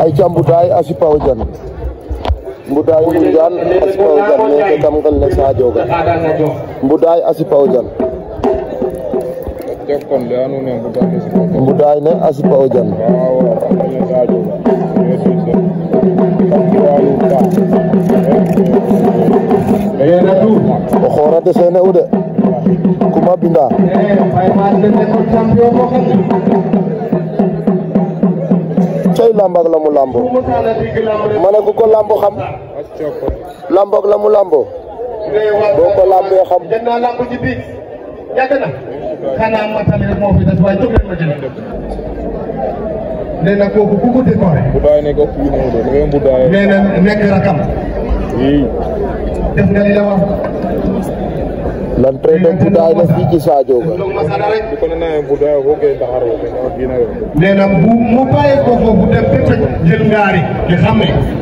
ayca mbudday a sipawo jan mbudday mbunjan a sipawo jan meke kam ngel ne sadioga mbudday a sipawo jan mbudday ne a sipawo jan o xoorate seene u de kuma binda lamba làmb ak mu làmbo ma ne ko làmbo xam làmb ak la mu làmbo boo ko làmbee xam L'entraîneur Boudaay la fii ci Sadio Ga. nee na bu mu bàyyi ko foofu dem ba jël ngaari di